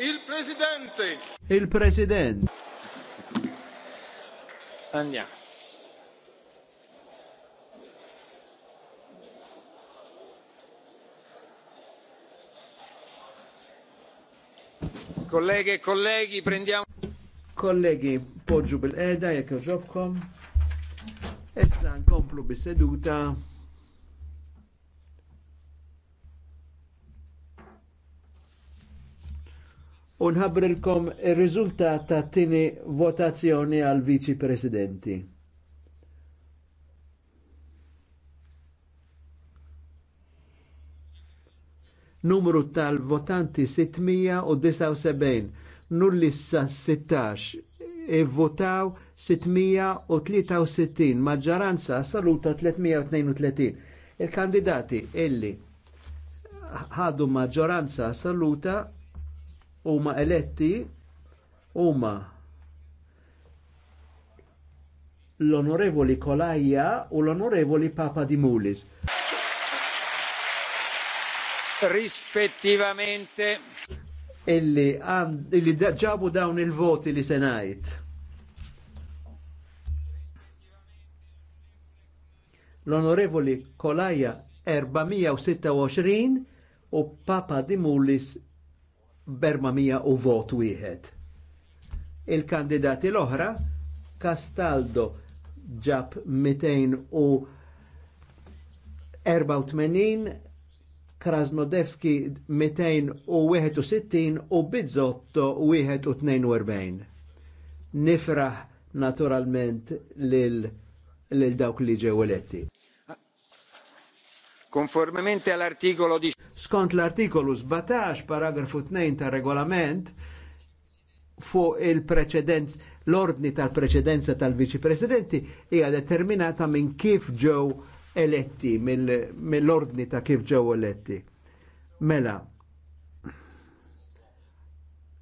Il-Presidente. Il-President. Andiamo. Kolleghe e kollegi, prendiamo. Kollegi, poġu bil-qeda, jekk joġobkom. Essa, nkomplu bis-seduta. unħabrilkom il-rizultat ta' tini votazzjoni għal viċi presidenti. Numru tal-votanti 679, nullissa 16, ivvotaw votaw 663, maġġoranza saluta 332. Il-kandidati illi ħadu maġġoranza saluta huma eletti huma l-onorevoli Kolajja u l-onorevoli Papa di Mulis. Rispettivamente illi, illi ġabu dawn il-voti li senajt. L-onorevoli Kolajja 426 u Papa di Dimulis berma mija u vot wieħed. Il-kandidati l-oħra, Castaldo ġab 84, Krasnodevski 261 u Bizzotto 142. Nifraħ naturalment lil, lil dawk li ġew eletti għall artikolu di... Skont l-artikolu 17, paragrafu 2 ta' regolament, fuq il-preċedenz, l-ordni tal-preċedenza tal-Viċi Presidenti hija determinata minn kif ġew eletti, mill-ordni ta' kif ġew eletti. Mela,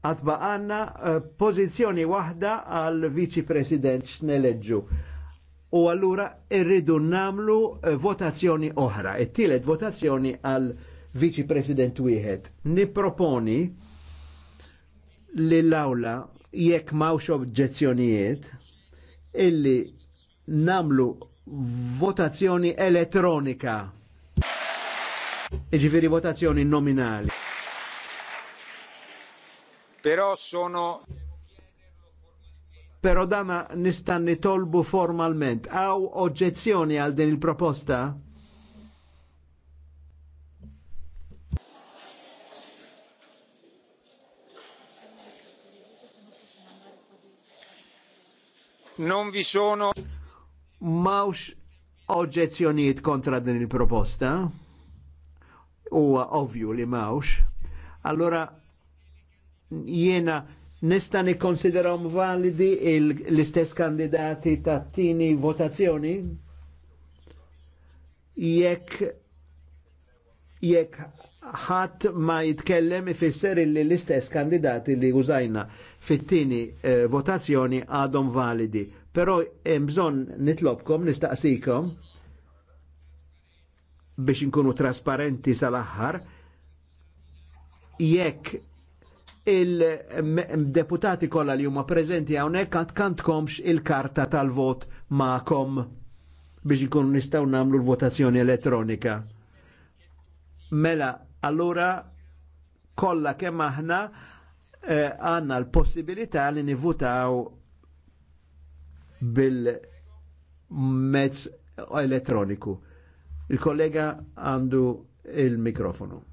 għatba għanna eh, pozizjoni wahda għal Viċi President x'neleġġu u allura irridu namlu eh, votazzjoni oħra, it-tielet votazzjoni għal viċi president wieħed. Niproponi li l-awla jekk mawx obġezzjonijiet illi namlu votazzjoni elettronika. Iġifiri votazzjoni nominali. Però sono pero dana nistan nitolbu formalment. Aw oġġezzjoni għal din il-proposta? Non vi sono. Mawx oġġezzjonijiet kontra din il-proposta? Huwa ovvju li mawx. Allora jiena nista' nikkonsiderhom validi l-istess kandidati ta' tini votazzjoni jekk jekk ħadd ma jitkellem ifisser illi l-istess kandidati li użajna fit-tieni eh, votazzjoni għadhom validi. Però hemm bżonn nitlobkom, nistaqsikom biex inkunu trasparenti sal-aħħar jekk il-deputati kollha li huma preżenti hawnhekk għand kantkomx il-karta tal-vot ma'kom biex ikun nistgħu nagħmlu l-votazzjoni elettronika. Mela, allura kollha kemm aħna eh, għandna l-possibilità li nivutaw bil-mezz elettroniku. Il-kollega għandu il-mikrofonu.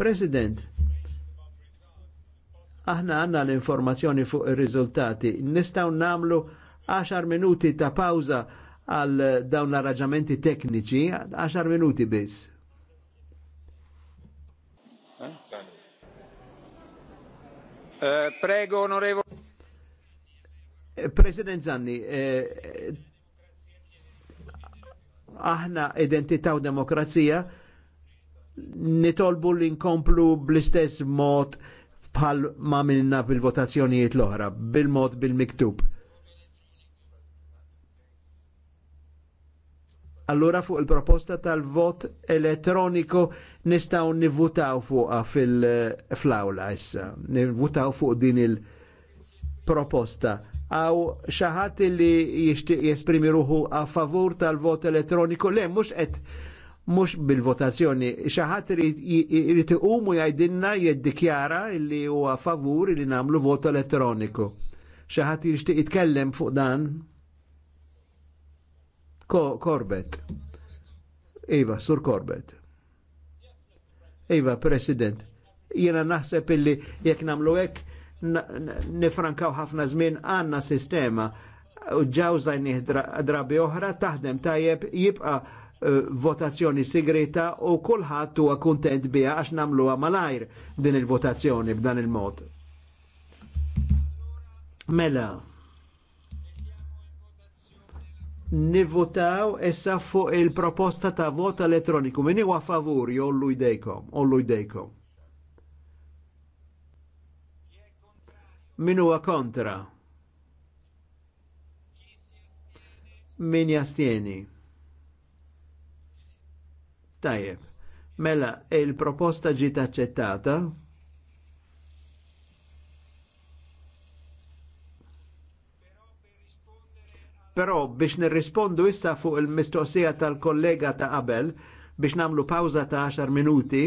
President, aħna għanna l-informazzjoni fuq il-rizultati. Nistaw namlu 10 minuti ta' pauza għal dawn l-arraġamenti tekniċi, 10 minuti biss. Eh, prego, onorevole. Eh, President Zanni, eh, aħna identità u demokrazija nitolbu li nkomplu bl-istess mod bħal ma minna bil-votazzjonijiet l-oħra, bil-mod bil-miktub. Allura fuq il-proposta tal-vot elettroniku nistaw nivutaw fuqa fil-flawla issa, nivutaw fuq din il-proposta. Aw xaħat li jishtiq jesprimi ruħu a favur tal-vot elettroniku, le mux qed mhux bil-votazzjoni. Xi ħadd umu jajdinna jgħidilna jiddikjara li huwa favur li nagħmlu voto elettroniku. Xaħat ħadd jitkellem fuq dan? Korbet. Iva, Sur Korbet. Iva, President. Jiena naħseb illi jekk nagħmlu hekk nifrankaw ħafna żmien għandna sistema u drabi oħra taħdem tajjeb jibqa' Eh, votazzjoni segreta u kullħat huwa kuntent biha għax nagħmluha malajr din il-votazzjoni b'dan il-mod. Mela, nivvotaw issa fuq il-proposta ta' vot elettroniku. Min huwa favur jollu jdejkom, ollu jdejkom. Min huwa kontra? Min jastieni? Tajjeb, mela il-proposta ġiet aċċettata. Però biex nirrispondu issa fuq il-mistoqsija tal-kollega ta' qabel biex namlu pawza ta' 10 minuti,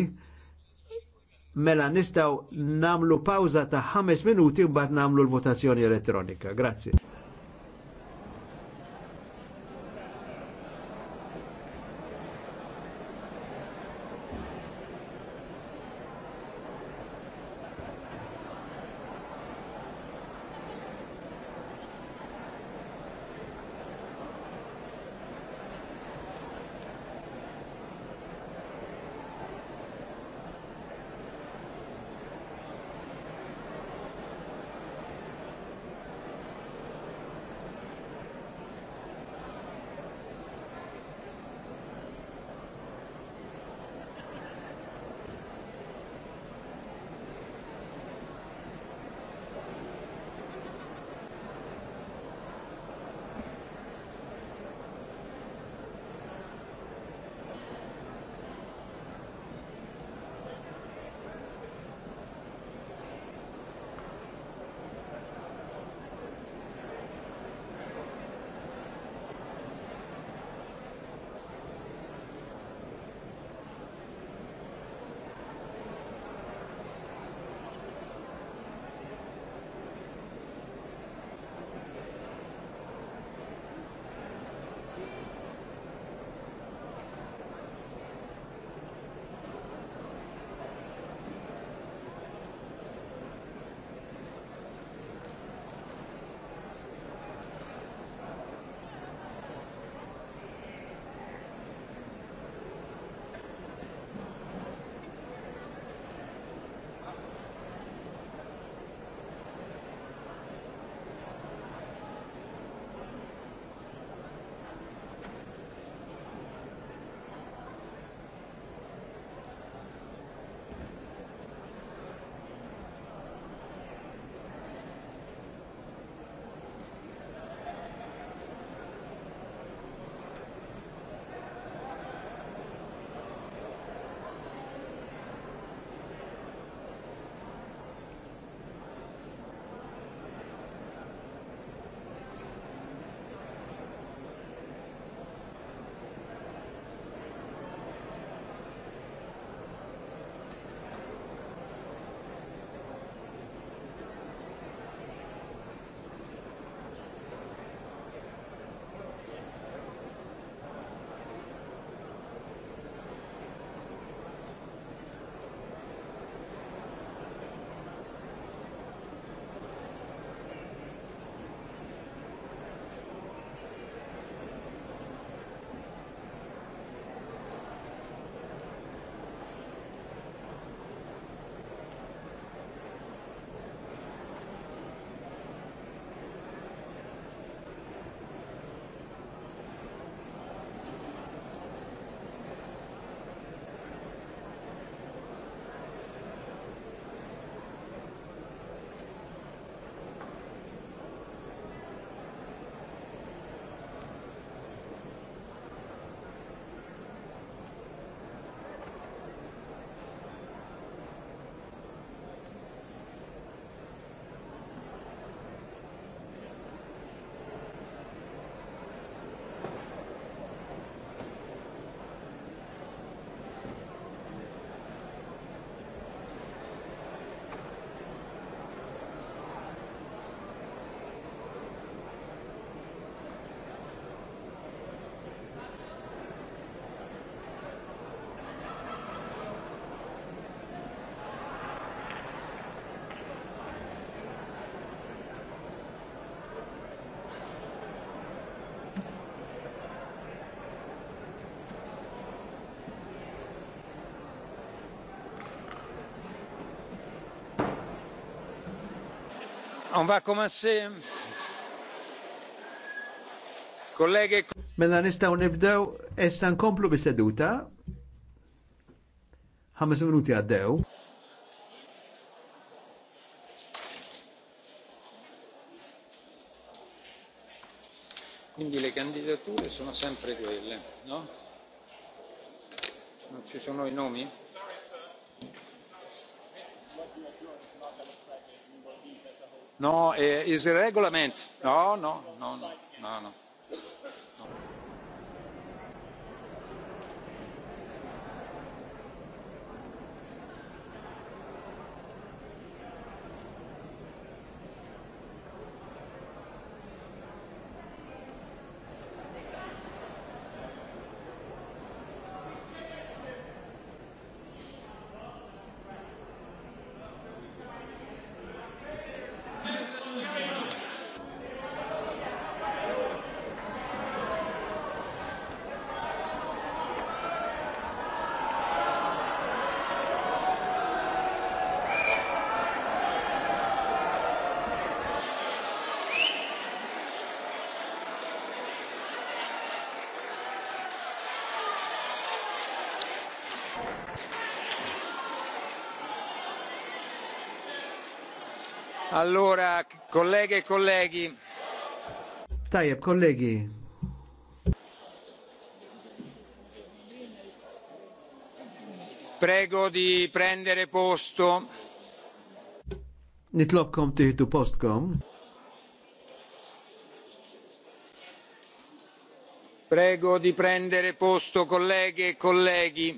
mela nistaw namlu pawza ta' 5 minuti u bad namlu l-votazzjoni elettronika. Grazie. On va commencer. Kollegi. Mela nistgħu nibdew issa nkomplu bi seduta Ħames minuti għaddew. Quindi le candidature sono sempre quelle, no? Non ci sono i nomi? No, eh, is a regulament. No, no, no, no, no. no. Allora, kolleghe e colleghi, Tajjeb, colleghi. Prego di prendere posto. Nitlobkom tiħdu postkom. Prego di prendere posto, colleghe e colleghi.